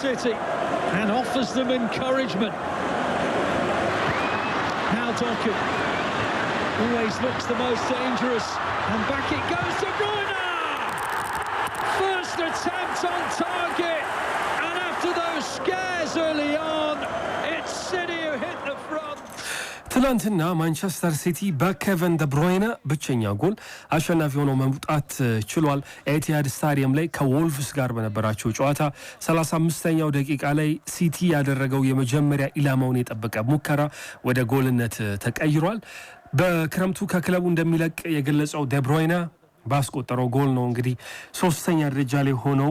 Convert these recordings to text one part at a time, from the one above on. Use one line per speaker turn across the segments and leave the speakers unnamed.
City and offers them encouragement. Now Dokken always looks the most dangerous and back it goes to Bruyne! First attempt on target and after those scares early on,
ትላንትና ማንቸስተር ሲቲ በኬቨን ደብሮይነ ብቸኛ ጎል አሸናፊ ሆኖ መውጣት ችሏል። ኤቲያድ ስታዲየም ላይ ከወልቭስ ጋር በነበራቸው ጨዋታ 35ኛው ደቂቃ ላይ ሲቲ ያደረገው የመጀመሪያ ኢላማውን የጠበቀ ሙከራ ወደ ጎልነት ተቀይሯል። በክረምቱ ከክለቡ እንደሚለቅ የገለጸው ደብሮይነ ባስቆጠረው ጎል ነው እንግዲህ ሶስተኛ ደረጃ ላይ ሆነው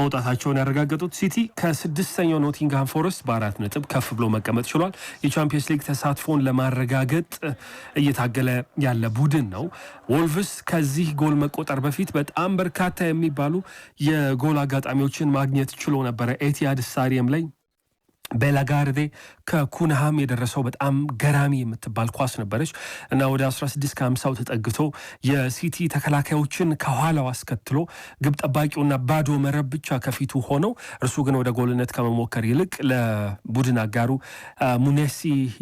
መውጣታቸውን ያረጋገጡት። ሲቲ ከስድስተኛው ኖቲንግሃም ፎረስት በአራት ነጥብ ከፍ ብሎ መቀመጥ ችሏል። የቻምፒየንስ ሊግ ተሳትፎን ለማረጋገጥ እየታገለ ያለ ቡድን ነው። ወልቭስ ከዚህ ጎል መቆጠር በፊት በጣም በርካታ የሚባሉ የጎል አጋጣሚዎችን ማግኘት ችሎ ነበረ። ኤቲያድ ስታዲየም ላይ ቤላጋርዴ ከኩንሃም የደረሰው በጣም ገራሚ የምትባል ኳስ ነበረች እና ወደ 16 ከ50ው ተጠግቶ የሲቲ ተከላካዮችን ከኋላው አስከትሎ ግብ ጠባቂውና ባዶ መረብ ብቻ ከፊቱ ሆነው እርሱ ግን ወደ ጎልነት ከመሞከር ይልቅ ለቡድን አጋሩ ሙኔሲ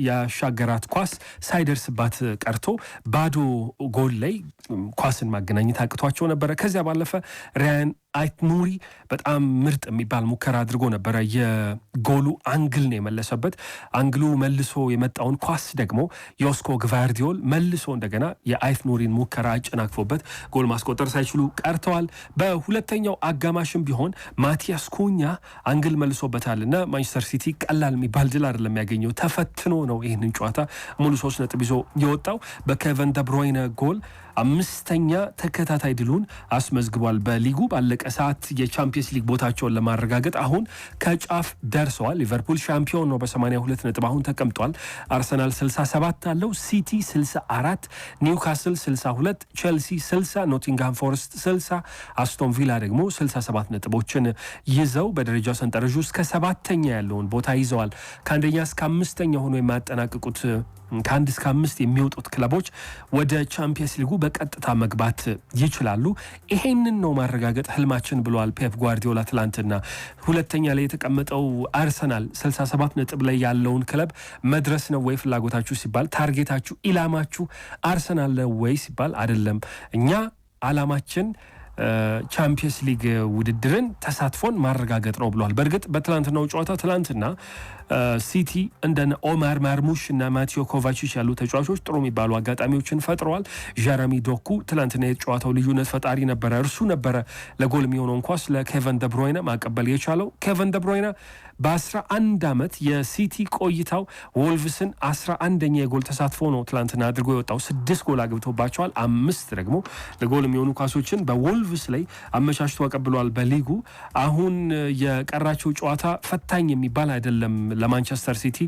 ያሻገራት ኳስ ሳይደርስባት ቀርቶ ባዶ ጎል ላይ ኳስን ማገናኘት አቅቷቸው ነበረ። ከዚያ ባለፈ ሪያን አይት በጣም ምርጥ የሚባል ሙከራ አድርጎ ነበረ። የጎሉ አንግል ነው የመለሰበት። አንግሉ መልሶ የመጣውን ኳስ ደግሞ ዮስኮ ግቫርዲዮል መልሶ እንደገና የአይፍ ኑሪን ሙከራ አጨናግፎበት ጎል ማስቆጠር ሳይችሉ ቀርተዋል። በሁለተኛው አጋማሽም ቢሆን ማቲያስ ኩኛ አንግል መልሶበታል እና ማንቸስተር ሲቲ ቀላል የሚባል ድል አይደለም የሚያገኘው ተፈትኖ ነው ይህንን ጨዋታ ሙሉ ሶስት ነጥብ ይዞ የወጣው በኬቨን ደብሮይነ ጎል አምስተኛ ተከታታይ ድሉን አስመዝግቧል። በሊጉ ባለቀ ሰዓት የቻምፒየንስ ሊግ ቦታቸውን ለማረጋገጥ አሁን ከጫፍ ደርሰዋል። ሊቨርፑል ሻምፒዮን ነው በ82 62 ነጥብ አሁን ተቀምጧል። አርሰናል 67 አለው፣ ሲቲ 64፣ ኒውካስል 62፣ ቼልሲ 60፣ ኖቲንግሃም ፎረስት 60፣ አስቶን ቪላ ደግሞ 67 ነጥቦችን ይዘው በደረጃው ሰንጠረዥ ውስጥ ከሰባተኛ ያለውን ቦታ ይዘዋል። ከአንደኛ እስከ አምስተኛ ሆኖ የማያጠናቅቁት ከአንድ እስከ አምስት የሚወጡት ክለቦች ወደ ቻምፒየንስ ሊጉ በቀጥታ መግባት ይችላሉ። ይሄንን ነው ማረጋገጥ ህልማችን ብለዋል ፔፕ ጓርዲዮላ ትላንትና። ሁለተኛ ላይ የተቀመጠው አርሰናል 67 ነጥብ ላይ ያለውን ክለብ መድረስ ነው ወይ ፍላጎታችሁ ሲባል፣ ታርጌታችሁ ኢላማችሁ አርሰናል ነው ወይ ሲባል፣ አይደለም እኛ አላማችን ቻምፒየንስ ሊግ ውድድርን ተሳትፎን ማረጋገጥ ነው ብለዋል። በእርግጥ በትላንትናው ጨዋታ ትላንትና ሲቲ እንደ ኦማር ማርሙሽ እና ማቴዮ ኮቫችች ያሉ ተጫዋቾች ጥሩ የሚባሉ አጋጣሚዎችን ፈጥረዋል። ዣረሚ ዶኩ ትላንትና የጨዋታው ልዩነት ፈጣሪ ነበረ። እርሱ ነበረ ለጎል የሚሆነውን ኳስ ለኬቨን ደብሮይነ ማቀበል የቻለው። ኬቨን ደብሮይነ በ11 ዓመት የሲቲ ቆይታው ወልቭስን 11ኛ የጎል ተሳትፎ ነው ትላንትና አድርጎ የወጣው። ስድስት ጎል አግብቶባቸዋል። አምስት ደግሞ ለጎል የሚሆኑ ኳሶችን በወልቭስ ላይ አመቻችቶ አቀብሏል። በሊጉ አሁን የቀራቸው ጨዋታ ፈታኝ የሚባል አይደለም። ለማንቸስተር ሲቲ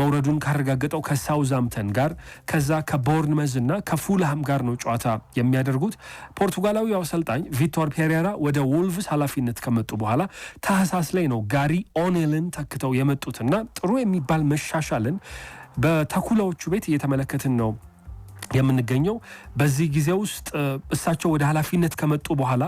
መውረዱን ካረጋገጠው ከሳውዛምተን ጋር ከዛ ከቦርንመዝ እና ከፉልሃም ጋር ነው ጨዋታ የሚያደርጉት። ፖርቱጋላዊ አሰልጣኝ ቪክቶር ፔሬራ ወደ ውልቭስ ኃላፊነት ከመጡ በኋላ ታህሳስ ላይ ነው ጋሪ ኦኔልን ተክተው የመጡትና ጥሩ የሚባል መሻሻልን በተኩላዎቹ ቤት እየተመለከትን ነው የምንገኘው። በዚህ ጊዜ ውስጥ እሳቸው ወደ ኃላፊነት ከመጡ በኋላ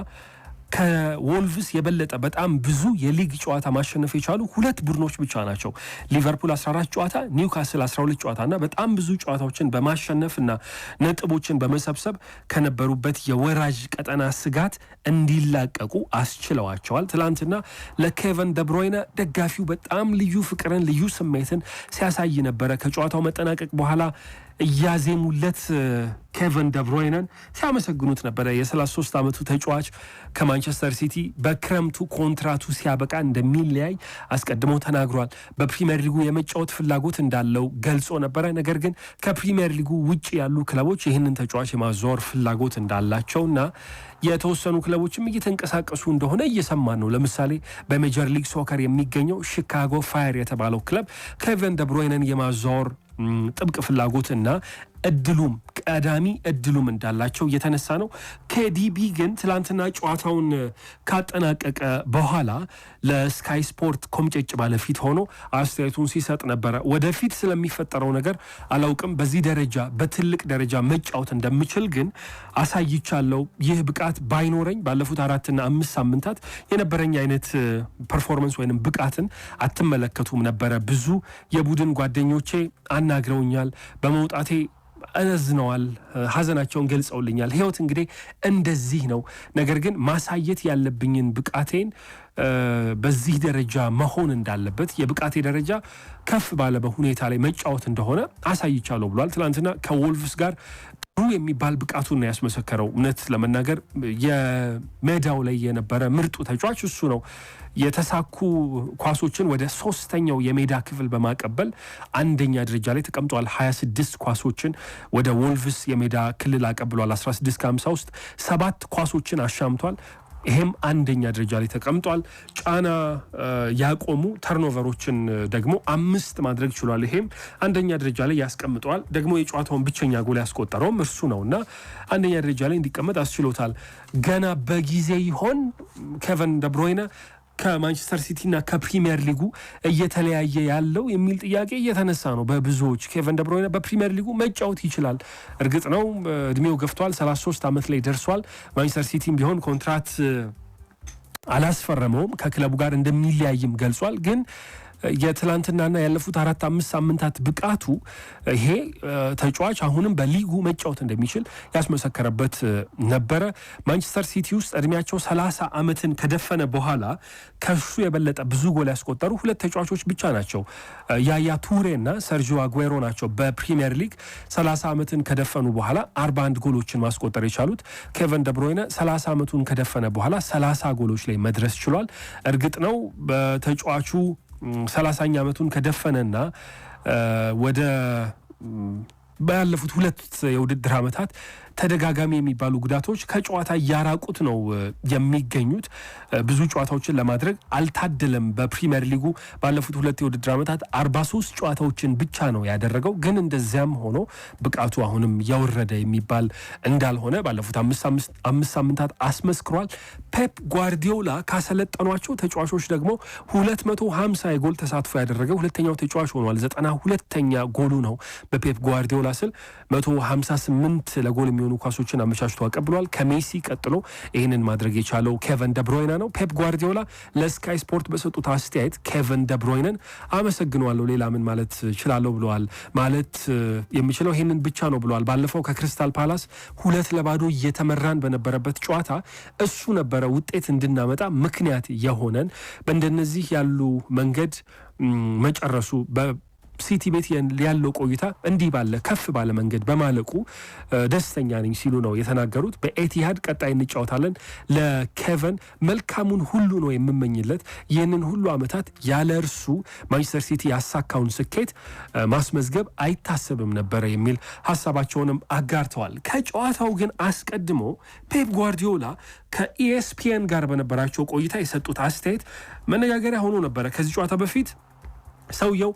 ከወልቭስ የበለጠ በጣም ብዙ የሊግ ጨዋታ ማሸነፍ የቻሉ ሁለት ቡድኖች ብቻ ናቸው። ሊቨርፑል 14 ጨዋታ፣ ኒውካስል 12 ጨዋታ እና በጣም ብዙ ጨዋታዎችን በማሸነፍ እና ነጥቦችን በመሰብሰብ ከነበሩበት የወራጅ ቀጠና ስጋት እንዲላቀቁ አስችለዋቸዋል። ትላንትና ለኬቨን ደብሮይነ ደጋፊው በጣም ልዩ ፍቅርን፣ ልዩ ስሜትን ሲያሳይ ነበረ። ከጨዋታው መጠናቀቅ በኋላ እያዜሙለት ኬቨን ደብሮይነን ሲያመሰግኑት ነበረ። የ33 ዓመቱ ተጫዋች ከማንቸስተር ሲቲ በክረምቱ ኮንትራቱ ሲያበቃ እንደሚለያይ አስቀድሞ ተናግሯል። በፕሪምየር ሊጉ የመጫወት ፍላጎት እንዳለው ገልጾ ነበረ። ነገር ግን ከፕሪምየር ሊጉ ውጭ ያሉ ክለቦች ይህንን ተጫዋች የማዘወር ፍላጎት እንዳላቸውና የተወሰኑ ክለቦችም እየተንቀሳቀሱ እንደሆነ እየሰማን ነው። ለምሳሌ በሜጀር ሊግ ሶከር የሚገኘው ሺካጎ ፋየር የተባለው ክለብ ኬቨን ደብሮይነን የማዘወር ጥብቅ ፍላጎት እና እድሉም ቀዳሚ እድሉም እንዳላቸው እየተነሳ ነው። ከዲቢ ግን ትላንትና ጨዋታውን ካጠናቀቀ በኋላ ለስካይ ስፖርት ኮምጨጭ ባለፊት ሆኖ አስተያየቱን ሲሰጥ ነበረ። ወደፊት ስለሚፈጠረው ነገር አላውቅም። በዚህ ደረጃ በትልቅ ደረጃ መጫወት እንደምችል ግን አሳይቻለሁ። ይህ ብቃት ባይኖረኝ ባለፉት አራትና አምስት ሳምንታት የነበረኝ አይነት ፐርፎርመንስ ወይንም ብቃትን አትመለከቱም ነበረ። ብዙ የቡድን ጓደኞቼ አናግረውኛል በመውጣቴ አዘዝነዋል፣ ሀዘናቸውን ገልጸውልኛል። ህይወት እንግዲህ እንደዚህ ነው። ነገር ግን ማሳየት ያለብኝን ብቃቴን በዚህ ደረጃ መሆን እንዳለበት የብቃቴ ደረጃ ከፍ ባለ ሁኔታ ላይ መጫወት እንደሆነ አሳይቻለሁ ብሏል። ትናንትና ከወልቭስ ጋር የሚባል ብቃቱን ያስመሰከረው እውነት ለመናገር የሜዳው ላይ የነበረ ምርጡ ተጫዋች እሱ ነው። የተሳኩ ኳሶችን ወደ ሶስተኛው የሜዳ ክፍል በማቀበል አንደኛ ደረጃ ላይ ተቀምጧል። 26 ኳሶችን ወደ ወልቭስ የሜዳ ክልል አቀብሏል። 16 ከ50 ውስጥ ሰባት ኳሶችን አሻምቷል። ይሄም አንደኛ ደረጃ ላይ ተቀምጧል። ጫና ያቆሙ ተርኖቨሮችን ደግሞ አምስት ማድረግ ችሏል። ይሄም አንደኛ ደረጃ ላይ ያስቀምጠዋል። ደግሞ የጨዋታውን ብቸኛ ጎል ያስቆጠረውም እርሱ ነው እና አንደኛ ደረጃ ላይ እንዲቀመጥ አስችሎታል። ገና በጊዜ ይሆን ኬቨን ደብሮይነ ከማንቸስተር ሲቲና ከፕሪሚየር ሊጉ እየተለያየ ያለው የሚል ጥያቄ እየተነሳ ነው በብዙዎች። ኬቨን ደብሮይነ በፕሪሚየር ሊጉ መጫወት ይችላል። እርግጥ ነው እድሜው ገፍቷል፣ 33 ዓመት ላይ ደርሷል። ማንቸስተር ሲቲም ቢሆን ኮንትራት አላስፈረመውም፣ ከክለቡ ጋር እንደሚለያይም ገልጿል ግን የትላንትናና ያለፉት አራት አምስት ሳምንታት ብቃቱ ይሄ ተጫዋች አሁንም በሊጉ መጫወት እንደሚችል ያስመሰከረበት ነበረ። ማንቸስተር ሲቲ ውስጥ እድሜያቸው ሰላሳ ዓመትን ከደፈነ በኋላ ከሱ የበለጠ ብዙ ጎል ያስቆጠሩ ሁለት ተጫዋቾች ብቻ ናቸው። ያያ ቱሬና ሰርጂዮ አጉዌሮ ናቸው። በፕሪሚየር ሊግ ሰላሳ ዓመትን ከደፈኑ በኋላ አርባ አንድ ጎሎችን ማስቆጠር የቻሉት ኬቨን ደብሮይነ ሰላሳ ዓመቱን ከደፈነ በኋላ ሰላሳ ጎሎች ላይ መድረስ ችሏል። እርግጥ ነው በተጫዋቹ ሰላሳኛ ዓመቱን ከደፈነና ወደ ባለፉት ሁለት የውድድር ዓመታት ተደጋጋሚ የሚባሉ ጉዳቶች ከጨዋታ እያራቁት ነው የሚገኙት። ብዙ ጨዋታዎችን ለማድረግ አልታደለም። በፕሪሚየር ሊጉ ባለፉት ሁለት የውድድር ዓመታት 43 ሶስት ጨዋታዎችን ብቻ ነው ያደረገው። ግን እንደዚያም ሆኖ ብቃቱ አሁንም ያወረደ የሚባል እንዳልሆነ ባለፉት አምስት ሳምንታት አስመስክሯል። ፔፕ ጓርዲዮላ ካሰለጠኗቸው ተጫዋቾች ደግሞ 250 መቶ የጎል ተሳትፎ ያደረገ ሁለተኛው ተጫዋች ሆኗል። ዘጠና ሁለተኛ ጎሉ ነው በፔፕ ጓርዲዮላ ስል 158 ለጎል የሚሆ የሚሆኑ ኳሶችን አመቻችቶ አቀብሏል። ከሜሲ ቀጥሎ ይህንን ማድረግ የቻለው ኬቨን ደብሮይና ነው። ፔፕ ጓርዲዮላ ለስካይ ስፖርት በሰጡት አስተያየት ኬቨን ደብሮይነን አመሰግነዋለሁ፣ ሌላ ምን ማለት ችላለሁ ብለዋል። ማለት የምችለው ይህንን ብቻ ነው ብለዋል። ባለፈው ከክሪስታል ፓላስ ሁለት ለባዶ እየተመራን በነበረበት ጨዋታ እሱ ነበረ ውጤት እንድናመጣ ምክንያት የሆነን። በእንደነዚህ ያሉ መንገድ መጨረሱ ሲቲ ቤት ያለው ቆይታ እንዲህ ባለ ከፍ ባለ መንገድ በማለቁ ደስተኛ ነኝ ሲሉ ነው የተናገሩት። በኤቲሃድ ቀጣይ እንጫወታለን። ለኬቨን መልካሙን ሁሉ ነው የምመኝለት። ይህንን ሁሉ ዓመታት ያለ እርሱ ማንቸስተር ሲቲ ያሳካውን ስኬት ማስመዝገብ አይታሰብም ነበረ የሚል ሀሳባቸውንም አጋርተዋል። ከጨዋታው ግን አስቀድሞ ፔፕ ጓርዲዮላ ከኢኤስፒኤን ጋር በነበራቸው ቆይታ የሰጡት አስተያየት መነጋገሪያ ሆኖ ነበረ። ከዚህ ጨዋታ በፊት ሰውየው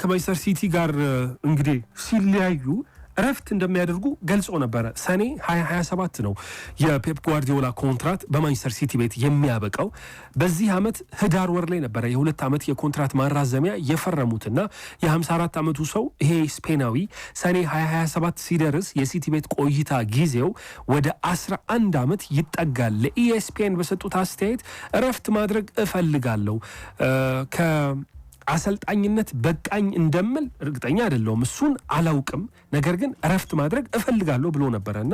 ከማንቸስተር ሲቲ ጋር እንግዲህ ሲለያዩ እረፍት እንደሚያደርጉ ገልጾ ነበረ። ሰኔ 2027 ነው የፔፕ ጓርዲዮላ ኮንትራት በማንቸስተር ሲቲ ቤት የሚያበቃው። በዚህ ዓመት ህዳር ወር ላይ ነበረ የሁለት ዓመት የኮንትራት ማራዘሚያ የፈረሙትና የ54 ዓመቱ ሰው ይሄ ስፔናዊ ሰኔ 2027 ሲደርስ የሲቲ ቤት ቆይታ ጊዜው ወደ 11 ዓመት ይጠጋል። ለኢኤስፒኤን በሰጡት አስተያየት እረፍት ማድረግ እፈልጋለሁ አሰልጣኝነት በቃኝ እንደምል እርግጠኛ አይደለውም እሱን አላውቅም። ነገር ግን እረፍት ማድረግ እፈልጋለሁ ብሎ ነበረ እና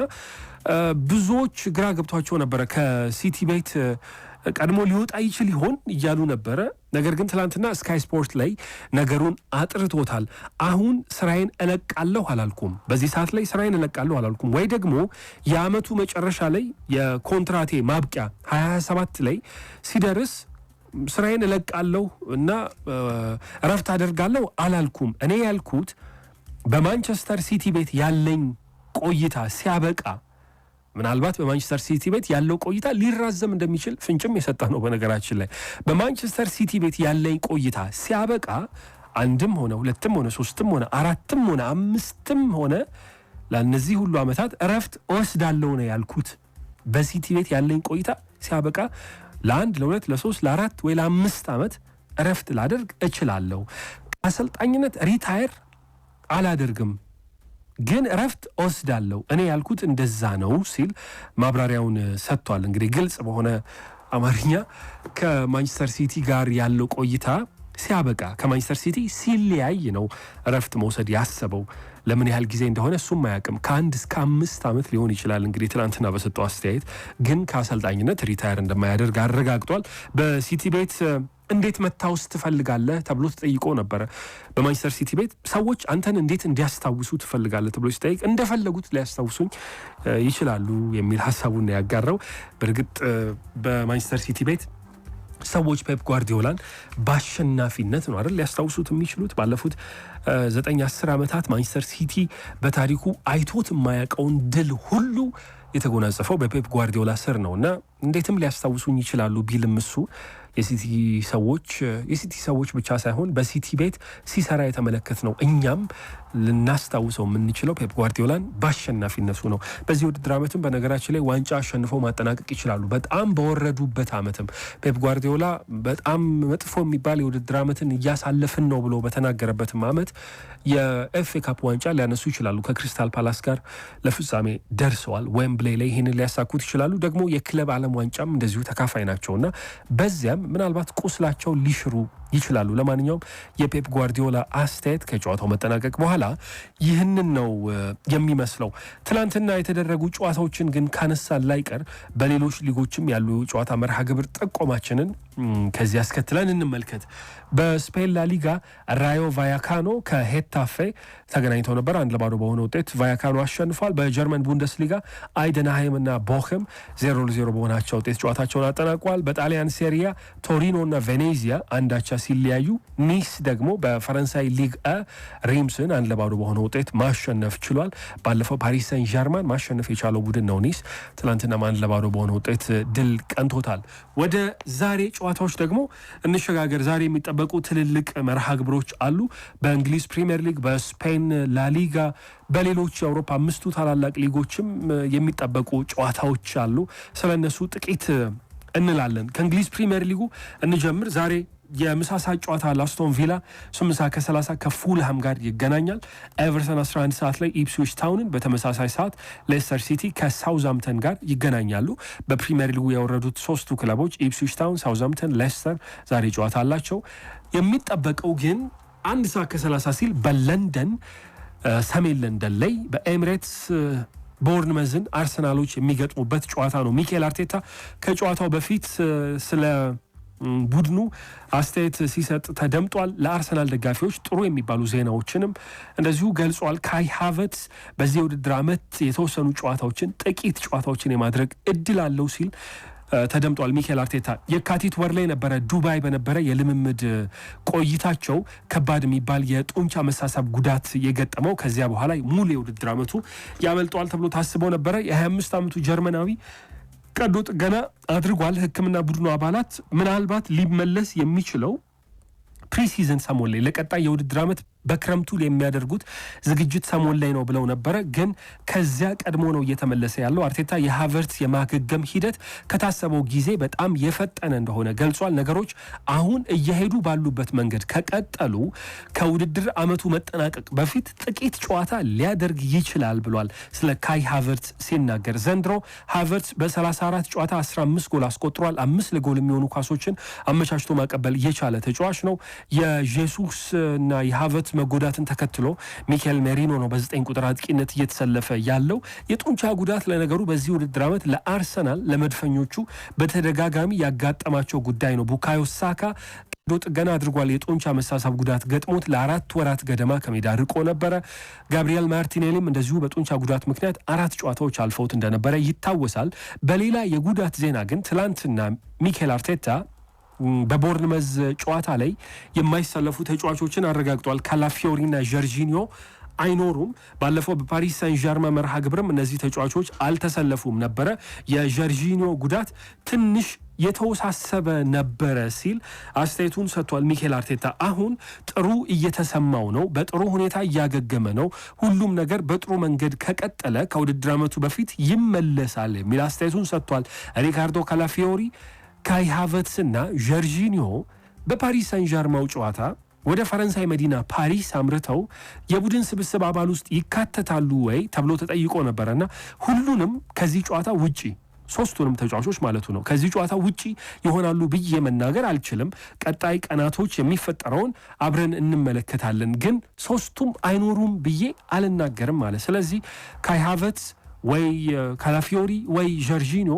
ብዙዎች ግራ ገብቷቸው ነበረ ከሲቲ ቤት ቀድሞ ሊወጣ ይችል ይሆን እያሉ ነበረ። ነገር ግን ትናንትና ስካይ ስፖርት ላይ ነገሩን አጥርቶታል። አሁን ስራዬን እለቃለሁ አላልኩም፣ በዚህ ሰዓት ላይ ስራዬን እለቃለሁ አላልኩም። ወይ ደግሞ የአመቱ መጨረሻ ላይ የኮንትራቴ ማብቂያ 2027 ላይ ሲደርስ ስራዬን እለቃለሁ እና እረፍት አደርጋለሁ አላልኩም። እኔ ያልኩት በማንቸስተር ሲቲ ቤት ያለኝ ቆይታ ሲያበቃ ምናልባት በማንቸስተር ሲቲ ቤት ያለው ቆይታ ሊራዘም እንደሚችል ፍንጭም የሰጠ ነው። በነገራችን ላይ በማንቸስተር ሲቲ ቤት ያለኝ ቆይታ ሲያበቃ አንድም ሆነ ሁለትም ሆነ ሶስትም ሆነ አራትም ሆነ አምስትም ሆነ ለእነዚህ ሁሉ ዓመታት እረፍት እወስዳለሁ ነው ያልኩት። በሲቲ ቤት ያለኝ ቆይታ ሲያበቃ ለአንድ ለሁለት ለሶስት ለአራት ወይ ለአምስት ዓመት እረፍት ላደርግ እችላለሁ። አሰልጣኝነት ሪታየር አላደርግም ግን እረፍት እወስዳለሁ። እኔ ያልኩት እንደዛ ነው ሲል ማብራሪያውን ሰጥቷል። እንግዲህ ግልጽ በሆነ አማርኛ ከማንቸስተር ሲቲ ጋር ያለው ቆይታ ሲያበቃ ከማንቸስተር ሲቲ ሲለያይ ነው እረፍት መውሰድ ያሰበው። ለምን ያህል ጊዜ እንደሆነ እሱም አያውቅም። ከአንድ እስከ አምስት ዓመት ሊሆን ይችላል። እንግዲህ ትናንትና በሰጠው አስተያየት ግን ከአሰልጣኝነት ሪታየር እንደማያደርግ አረጋግጧል። በሲቲ ቤት እንዴት መታወስ ትፈልጋለህ ተብሎ ተጠይቆ ነበረ። በማንቸስተር ሲቲ ቤት ሰዎች አንተን እንዴት እንዲያስታውሱ ትፈልጋለህ ተብሎ ሲጠይቅ እንደፈለጉት ሊያስታውሱኝ ይችላሉ የሚል ሀሳቡን ያጋራው። በእርግጥ በማንቸስተር ሲቲ ቤት ሰዎች ፔፕ ጓርዲዮላን በአሸናፊነት ነው አይደል ሊያስታውሱት የሚችሉት። ባለፉት ዘጠኝ አስር ዓመታት ማንቸስተር ሲቲ በታሪኩ አይቶት የማያውቀውን ድል ሁሉ የተጎናጸፈው በፔፕ ጓርዲዮላ ስር ነው እና እንዴትም ሊያስታውሱኝ ይችላሉ ቢልም እሱ የሲቲ ሰዎች የሲቲ ሰዎች ብቻ ሳይሆን በሲቲ ቤት ሲሰራ የተመለከት ነው። እኛም ልናስታውሰው የምንችለው ፔፕ ጓርዲዮላን በአሸናፊነቱ ነው። በዚህ ውድድር ዓመትም በነገራችን ላይ ዋንጫ አሸንፈው ማጠናቀቅ ይችላሉ። በጣም በወረዱበት ዓመትም ፔፕ ጓርዲዮላ በጣም መጥፎ የሚባል የውድድር ዓመትን እያሳለፍን ነው ብሎ በተናገረበትም ዓመት የኤፍ ካፕ ዋንጫ ሊያነሱ ይችላሉ። ከክሪስታል ፓላስ ጋር ለፍጻሜ ደርሰዋል። ዌምብሌይ ላይ ይህንን ሊያሳኩት ይችላሉ። ደግሞ የክለብ ዓለም ዋንጫም እንደዚሁ ተካፋይ ናቸውና በዚያም ምናልባት ቁስላቸው ሊሽሩ ይችላሉ። ለማንኛውም የፔፕ ጓርዲዮላ አስተያየት ከጨዋታው መጠናቀቅ በኋላ ይህንን ነው የሚመስለው። ትላንትና የተደረጉ ጨዋታዎችን ግን ካነሳ ላይቀር በሌሎች ሊጎችም ያሉ ጨዋታ መርሃ ግብር ጠቆማችንን ከዚህ አስከትለን እንመልከት። በስፔን ላሊጋ ራዮ ቫያካኖ ከሄታፌ ተገናኝተው ነበር። አንድ ለባዶ በሆነ ውጤት ቫያካኖ አሸንፏል። በጀርመን ቡንደስሊጋ አይደናሃይም እና ቦክም ዜሮ ለዜሮ በሆናቸው ውጤት ጨዋታቸውን አጠናቋል። በጣሊያን ሴሪያ ቶሪኖ እና ቬኔዚያ አንዳቻ ሲለያዩ ኒስ ደግሞ በፈረንሳይ ሊግ አ ሬምስን አንድ ለባዶ በሆነ ውጤት ማሸነፍ ችሏል። ባለፈው ፓሪስ ሰን ዣርማን ማሸነፍ የቻለው ቡድን ነው ኒስ። ትናንትናም አንድ ለባዶ በሆነ ውጤት ድል ቀንቶታል። ወደ ዛሬ ጨዋታዎች ደግሞ እንሸጋገር። ዛሬ የሚጠበቁ ትልልቅ መርሃ ግብሮች አሉ። በእንግሊዝ ፕሪምየር ሊግ፣ በስፔን ላሊጋ፣ በሌሎች የአውሮፓ አምስቱ ታላላቅ ሊጎችም የሚጠበቁ ጨዋታዎች አሉ። ስለነሱ ጥቂት እንላለን። ከእንግሊዝ ፕሪምየር ሊጉ እንጀምር ዛሬ የምሳሳት ጨዋታ ላስቶን ቪላ 8 ሰዓት ከ30 ከፉልሃም ጋር ይገናኛል። ኤቨርተን 11 ሰዓት ላይ ኢፕስዊች ታውንን፣ በተመሳሳይ ሰዓት ሌስተር ሲቲ ከሳውዛምተን ጋር ይገናኛሉ። በፕሪሚየር ሊጉ የወረዱት ሶስቱ ክለቦች ኢፕስዊች ታውን፣ ሳውዛምተን፣ ሌስተር ዛሬ ጨዋታ አላቸው። የሚጠበቀው ግን አንድ ሰዓት ከ30 ሲል በለንደን ሰሜን ለንደን ላይ በኤሚሬትስ ቦርንመዝን አርሰናሎች የሚገጥሙበት ጨዋታ ነው። ሚኬል አርቴታ ከጨዋታው በፊት ስለ ቡድኑ አስተያየት ሲሰጥ ተደምጧል። ለአርሰናል ደጋፊዎች ጥሩ የሚባሉ ዜናዎችንም እንደዚሁ ገልጿል። ካይ ሃቨት በዚህ የውድድር ዓመት የተወሰኑ ጨዋታዎችን ጥቂት ጨዋታዎችን የማድረግ እድል አለው ሲል ተደምጧል። ሚካኤል አርቴታ የካቲት ወር ላይ ነበረ ዱባይ በነበረ የልምምድ ቆይታቸው ከባድ የሚባል የጡንቻ መሳሳብ ጉዳት የገጠመው ከዚያ በኋላ ሙሉ የውድድር ዓመቱ ያመልጠዋል ተብሎ ታስበው ነበረ። የ25 ዓመቱ ጀርመናዊ ቀዶ ጥገና አድርጓል። ህክምና ቡድኑ አባላት ምናልባት ሊመለስ የሚችለው ፕሪሲዝን ሰሞን ላይ ለቀጣይ የውድድር ዓመት በክረምቱ የሚያደርጉት ዝግጅት ሰሞን ላይ ነው ብለው ነበረ። ግን ከዚያ ቀድሞ ነው እየተመለሰ ያለው። አርቴታ የሀቨርት የማገገም ሂደት ከታሰበው ጊዜ በጣም የፈጠነ እንደሆነ ገልጿል። ነገሮች አሁን እየሄዱ ባሉበት መንገድ ከቀጠሉ ከውድድር ዓመቱ መጠናቀቅ በፊት ጥቂት ጨዋታ ሊያደርግ ይችላል ብሏል። ስለ ካይ ሀቨርት ሲናገር ዘንድሮ ሀቨርት በ34 ጨዋታ 15 ጎል አስቆጥሯል። አምስት ለጎል የሚሆኑ ኳሶችን አመቻችቶ ማቀበል የቻለ ተጫዋች ነው። የጄሱስ እና የሀቨርት መጎዳትን ተከትሎ ሚካኤል ሜሪኖ ነው በዘጠኝ ቁጥር አጥቂነት እየተሰለፈ ያለው። የጡንቻ ጉዳት ለነገሩ በዚህ ውድድር ዓመት ለአርሰናል ለመድፈኞቹ በተደጋጋሚ ያጋጠማቸው ጉዳይ ነው። ቡካዮ ሳካ ቀዶ ጥገና አድርጓል። የጡንቻ መሳሳብ ጉዳት ገጥሞት ለአራት ወራት ገደማ ከሜዳ ርቆ ነበረ። ጋብሪኤል ማርቲኔሊም እንደዚሁ በጡንቻ ጉዳት ምክንያት አራት ጨዋታዎች አልፈውት እንደነበረ ይታወሳል። በሌላ የጉዳት ዜና ግን ትላንትና ሚኬል አርቴታ በቦርንመዝ ጨዋታ ላይ የማይሰለፉ ተጫዋቾችን አረጋግጧል። ካላፊዮሪና ጀርጂኒዮ አይኖሩም። ባለፈው በፓሪስ ሳን ዣርማ መርሃ ግብርም እነዚህ ተጫዋቾች አልተሰለፉም ነበረ። የጀርጂኒዮ ጉዳት ትንሽ የተወሳሰበ ነበረ ሲል አስተያየቱን ሰጥቷል። ሚኬል አርቴታ አሁን ጥሩ እየተሰማው ነው፣ በጥሩ ሁኔታ እያገገመ ነው። ሁሉም ነገር በጥሩ መንገድ ከቀጠለ ከውድድር ዓመቱ በፊት ይመለሳል የሚል አስተያየቱን ሰጥቷል። ሪካርዶ ካላፊዮሪ ካይ ሃቨትስ እና ዠርጂኒዮ በፓሪስ ሳን ዣርማው ጨዋታ ወደ ፈረንሳይ መዲና ፓሪስ አምርተው የቡድን ስብስብ አባል ውስጥ ይካተታሉ ወይ ተብሎ ተጠይቆ ነበረና ሁሉንም ከዚህ ጨዋታ ውጪ ሶስቱንም ተጫዋቾች ማለቱ ነው ከዚህ ጨዋታ ውጪ ይሆናሉ ብዬ መናገር አልችልም። ቀጣይ ቀናቶች የሚፈጠረውን አብረን እንመለከታለን። ግን ሶስቱም አይኖሩም ብዬ አልናገርም ማለት ስለዚህ ካይ ወይ ካላፊዮሪ ወይ ጀርጂኖ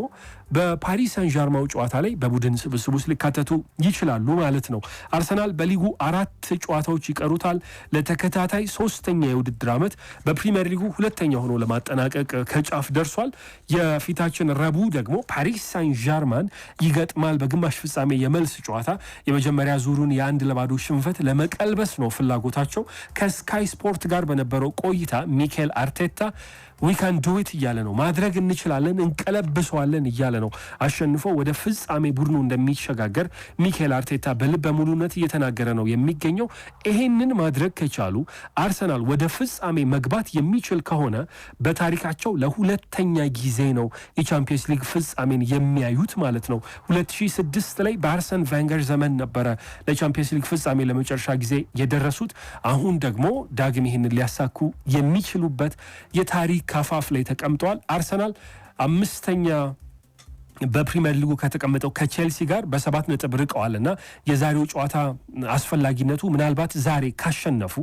በፓሪስ ሰን ዣርማው ጨዋታ ላይ በቡድን ስብስብ ውስጥ ሊካተቱ ይችላሉ ማለት ነው። አርሰናል በሊጉ አራት ጨዋታዎች ይቀሩታል። ለተከታታይ ሶስተኛ የውድድር ዓመት በፕሪምየር ሊጉ ሁለተኛ ሆኖ ለማጠናቀቅ ከጫፍ ደርሷል። የፊታችን ረቡዕ ደግሞ ፓሪስ ሳን ዣርማን ይገጥማል። በግማሽ ፍጻሜ የመልስ ጨዋታ የመጀመሪያ ዙሩን የአንድ ለባዶ ሽንፈት ለመቀልበስ ነው ፍላጎታቸው። ከስካይ ስፖርት ጋር በነበረው ቆይታ ሚካኤል አርቴታ ዊካን ዱዊት እያለ ነው ማድረግ እንችላለን፣ እንቀለብሰዋለን እያለ ነው። አሸንፎ ወደ ፍጻሜ ቡድኑ እንደሚሸጋገር ሚኬል አርቴታ በልበ ሙሉነት እየተናገረ ነው የሚገኘው። ይሄንን ማድረግ ከቻሉ አርሰናል ወደ ፍጻሜ መግባት የሚችል ከሆነ በታሪካቸው ለሁለተኛ ጊዜ ነው የቻምፒየንስ ሊግ ፍጻሜን የሚያዩት ማለት ነው። 2006 ላይ በአርሰን ቫንገር ዘመን ነበረ ለቻምፒየንስ ሊግ ፍጻሜ ለመጨረሻ ጊዜ የደረሱት። አሁን ደግሞ ዳግም ይህንን ሊያሳኩ የሚችሉበት የታሪክ ካፋፍ ላይ ተቀምጠዋል። አርሰናል አምስተኛ በፕሪምየር ሊጉ ከተቀመጠው ከቼልሲ ጋር በሰባት ነጥብ ርቀዋል እና የዛሬው ጨዋታ አስፈላጊነቱ ምናልባት ዛሬ ካሸነፉ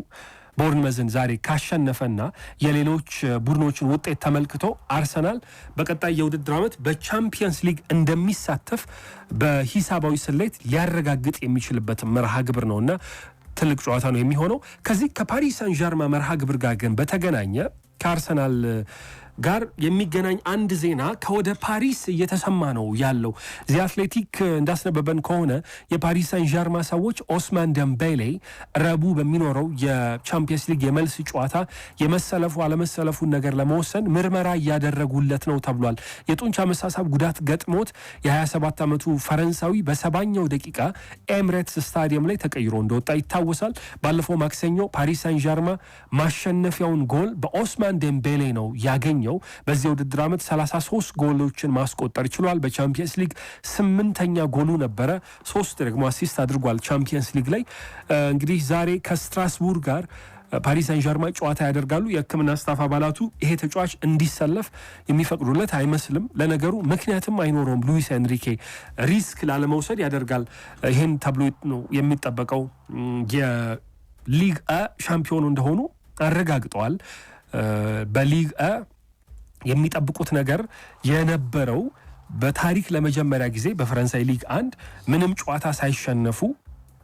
ቦርንመዝን ዛሬ ካሸነፈና የሌሎች ቡድኖችን ውጤት ተመልክቶ አርሰናል በቀጣይ የውድድር ዓመት በቻምፒየንስ ሊግ እንደሚሳተፍ በሂሳባዊ ስሌት ሊያረጋግጥ የሚችልበት መርሃ ግብር እና ትልቅ ጨዋታ ነው የሚሆነው። ከዚህ ከፓሪስ ሳን መርሃ ግብር ጋር ግን በተገናኘ ከአርሰናል ጋር የሚገናኝ አንድ ዜና ከወደ ፓሪስ እየተሰማ ነው ያለው። ዚ አትሌቲክ እንዳስነበበን ከሆነ የፓሪስ ሳን ዣርማ ሰዎች ኦስማን ደምቤሌ ረቡ በሚኖረው የቻምፒየንስ ሊግ የመልስ ጨዋታ የመሰለፉ አለመሰለፉን ነገር ለመወሰን ምርመራ እያደረጉለት ነው ተብሏል። የጡንቻ መሳሳብ ጉዳት ገጥሞት የ27 ዓመቱ ፈረንሳዊ በሰባኛው ደቂቃ ኤምሬትስ ስታዲየም ላይ ተቀይሮ እንደወጣ ይታወሳል። ባለፈው ማክሰኞ ፓሪስ ሳን ዣርማ ማሸነፊያውን ጎል በኦስማን ደምቤሌ ነው ያገኘ ያገኘው በዚህ የውድድር ዓመት 33 ጎሎችን ማስቆጠር ችሏል። በቻምፒየንስ ሊግ ስምንተኛ ጎሉ ነበረ። ሶስት ደግሞ አሲስት አድርጓል። ቻምፒየንስ ሊግ ላይ እንግዲህ ዛሬ ከስትራስቡር ጋር ፓሪስ ሳን ጨዋታ ያደርጋሉ። የሕክምና ስታፍ አባላቱ ይሄ ተጫዋች እንዲሰለፍ የሚፈቅዱለት አይመስልም። ለነገሩ ምክንያትም አይኖረውም። ሉዊስ ኤንሪኬ ሪስክ ላለመውሰድ ያደርጋል። ይህን ተብሎ ነው የሚጠበቀው። የሊግ ሻምፒዮኑ እንደሆኑ አረጋግጠዋል። በሊግ የሚጠብቁት ነገር የነበረው በታሪክ ለመጀመሪያ ጊዜ በፈረንሳይ ሊግ አንድ ምንም ጨዋታ ሳይሸነፉ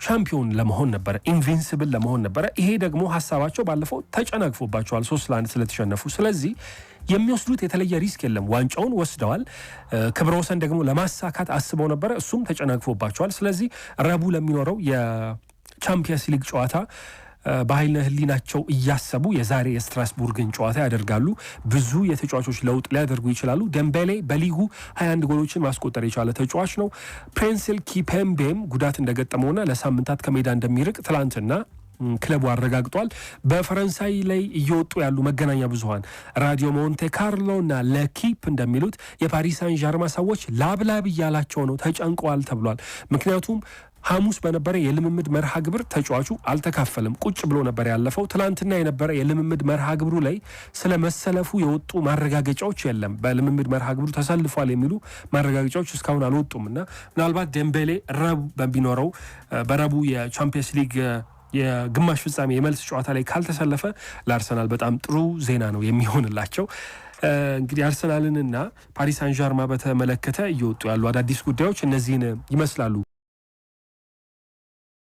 ሻምፒዮን ለመሆን ነበረ፣ ኢንቪንስብል ለመሆን ነበረ። ይሄ ደግሞ ሀሳባቸው ባለፈው ተጨናግፎባቸዋል ሶስት ለአንድ ስለተሸነፉ። ስለዚህ የሚወስዱት የተለየ ሪስክ የለም። ዋንጫውን ወስደዋል። ክብረ ወሰን ደግሞ ለማሳካት አስበው ነበረ፣ እሱም ተጨናግፎባቸዋል። ስለዚህ ረቡዕ ለሚኖረው የቻምፒየንስ ሊግ ጨዋታ በኃይልና ህሊናቸው እያሰቡ የዛሬ የስትራስቡርግን ጨዋታ ያደርጋሉ። ብዙ የተጫዋቾች ለውጥ ሊያደርጉ ይችላሉ። ደምቤሌ በሊጉ 21 ጎሎችን ማስቆጠር የቻለ ተጫዋች ነው። ፕሬንስል ኪፔምቤም ጉዳት እንደገጠመውና ለሳምንታት ከሜዳ እንደሚርቅ ትላንትና ክለቡ አረጋግጧል። በፈረንሳይ ላይ እየወጡ ያሉ መገናኛ ብዙሀን ራዲዮ ሞንቴ ካርሎ እና ለኪፕ እንደሚሉት የፓሪስ ሳን ዣርማ ሰዎች ላብላብ እያላቸው ነው፣ ተጨንቀዋል ተብሏል። ምክንያቱም ሐሙስ በነበረ የልምምድ መርሃ ግብር ተጫዋቹ አልተካፈልም፣ ቁጭ ብሎ ነበር ያለፈው። ትናንትና የነበረ የልምምድ መርሃ ግብሩ ላይ ስለ መሰለፉ የወጡ ማረጋገጫዎች የለም። በልምምድ መርሃ ግብሩ ተሰልፏል የሚሉ ማረጋገጫዎች እስካሁን አልወጡም እና ምናልባት ደምቤሌ ረቡዕ በሚኖረው በረቡዕ የቻምፒየንስ ሊግ የግማሽ ፍጻሜ የመልስ ጨዋታ ላይ ካልተሰለፈ ለአርሰናል በጣም ጥሩ ዜና ነው የሚሆንላቸው። እንግዲህ አርሰናልንና ፓሪስ አንዣርማ በተመለከተ እየወጡ ያሉ አዳዲስ ጉዳዮች እነዚህን ይመስላሉ።